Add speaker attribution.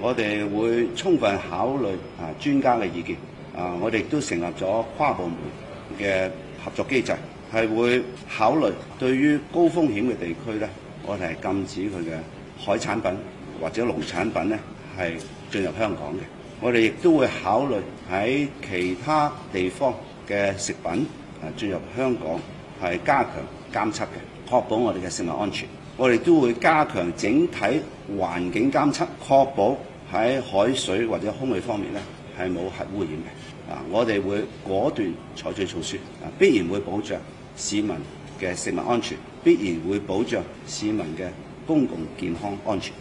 Speaker 1: 我哋會充分考慮啊專家嘅意見，啊我哋亦都成立咗跨部門嘅合作機制，係會考慮對於高風險嘅地區咧，我哋係禁止佢嘅海產品或者農產品咧係進入香港嘅。我哋亦都會考慮喺其他地方嘅食品啊進入香港係加強監測嘅，確保我哋嘅食物安全。我哋都會加強整體環境監測，確保。喺海水或者空氣方面咧，係冇核污染嘅。啊，我哋會果斷採取措施，啊，必然會保障市民嘅食物安全，必然會保障市民嘅公共健康安全。